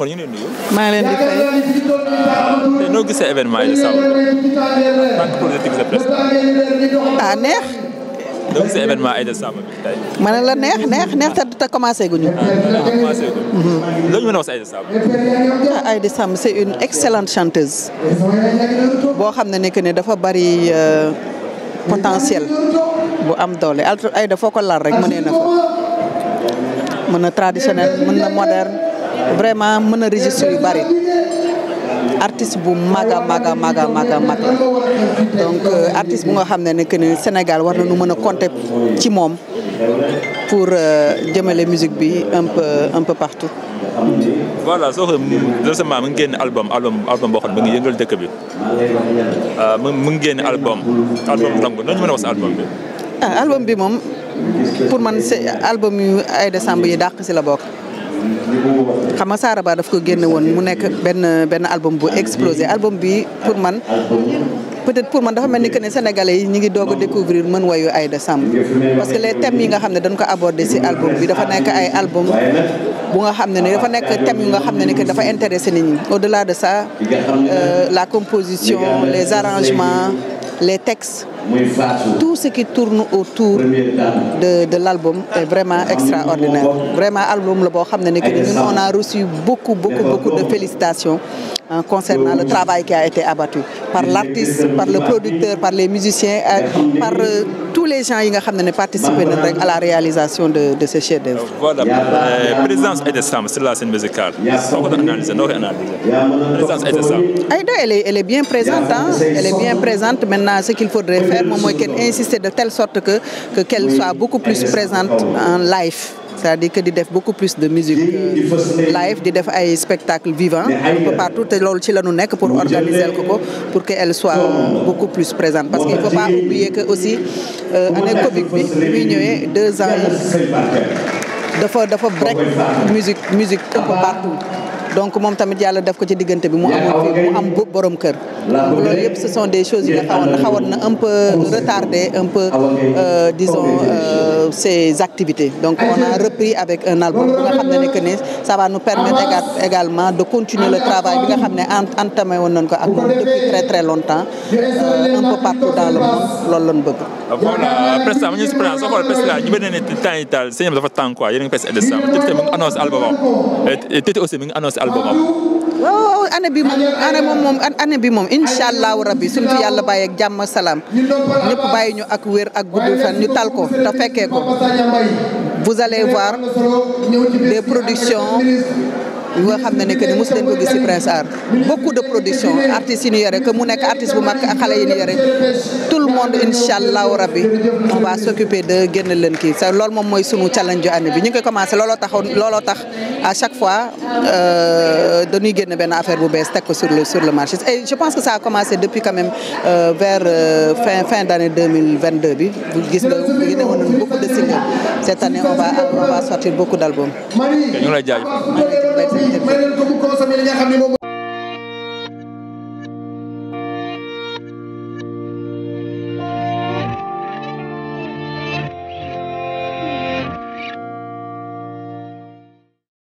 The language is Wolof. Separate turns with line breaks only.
kon ñu ngi leen di nuyu. maa de presse.
Ah, neex. ma ne la neex neex te te commencé guñu. ah
commencé guñu. Mm-hmm. mën a wax si
Aïda Samb. Ah, une excellente chanteuse. boo xam ne nekk ne dafa bari euh, potentiel bu am doole Aïda foo ko laal rek mënee na ko. mën na traditionnel mën a moderne. vraiment mën a registre yu bari artiste bu mag a mag a mag donc euh, artiste bu nga xam ne que ni Sénégal war na nu mën a compter ci moom pour euh, jëmale musique bi un peu un peu partout.
voilà soo ko mu ngi génn album album album boo xam ne mu yëngal dëkk bi euh, mu ngi génn album album tango noonu mën a wax album bi.
ah album bi moom pour man c'est album yu ay décembre yi dàq si la bokk. xam nga Saara Ba daf ko génne woon mu nekk benn benn album bu explosé album bi pour man peut-être pour man dafa mel ni que ne sénégalais yi ñi ngi doog a découvrir mën wayu Aïda Samb parce que les thèmes yi nga xam ne dañ ko abordé ci album bi dafa nekk ay album bu nga xam ne ne dafa nekk thèmes yu nga xam ne ni que dafa intéressé nit ñi au-delà de ça euh, la composition les arrangements les textes, tout ce qui tourne autour de, de l'album est vraiment extraordinaire. Vraiment, album, on a reçu beaucoup, beaucoup, beaucoup de félicitations. hein, concernant le travail qui a été abattu par l'artiste par le producteur par les musiciens euh, par euh, tous les gens yi nga xam ne ne participer nañ rek à la réalisation de de ce chef d'œuvre.
voilà euh, présidence Aïda Samb sur la scène musicale. soo ko doon analyser noo koy analyser
elle est bien présente maintenant ce qu'il faudrait faire moom mooy kenn insister de telle sorte que que qu'elle soit beaucoup plus en live. c'est-à-dire que di def beaucoup plus de musique euh, live di def ay spectacle vivant un peu partout te loolu ci la ñu nekk pour organiser ko ko pour que elle soit beaucoup plus présente parce que faut pas oublier que aussi euh, année Covid bi muy ñëwee deux ans dafa dafa break musique musique un peu partout donc moom tamit yàlla def ko ci diggante bi mu amoon fi mu am borom kër donc loolu yëpp ce son des choses yi nga xawoon na xawoon na un peu retardé un peu euh, disons euh, activités donc on a repris avec un album bi nga xam ne que ne ça va nous permettre également de continuer le travail bi nga xam ne entamé woon nañ ko ak moom depuis très très longtemps euh, un peu partout dans
le monde loolu lañ bëgg. a ngi presque indépendance te te mu ngi annoncé album am te te aussi
année bi moom année moom moom bi moom incha allahu rabbi suñu fi yàlla bàyyi ak jàmm salaam ñëpp bàyyi ñu ak wér ak gudd fan ñu tal ko te fekkee ko vous allez voir des productions yu nga xam ne ne que ni mosu leen ko gis ci Prince Art beaucoup de production artistes yi ñu yore que mu nekk artiste bu mag xale yi ñu yore tout le monde incha allahu rabbi on va s'occuper de génn leen kii sax lool moom mooy sunu challenge ju année bi ñu ngi koy commencé looloo taxoon looloo tax à chaque fois euh, dañuy génne benn affaire bu bees teg ko sur le le marché et je pense que ça a commencé depuis quand même euh, vers euh, fin fin deux mille vingt deux bi gis gis nga woon beaucoup de singles cette année on va on va sortir beaucoup d' albums. ñu may leen ko mu consommé li nga xam ne moom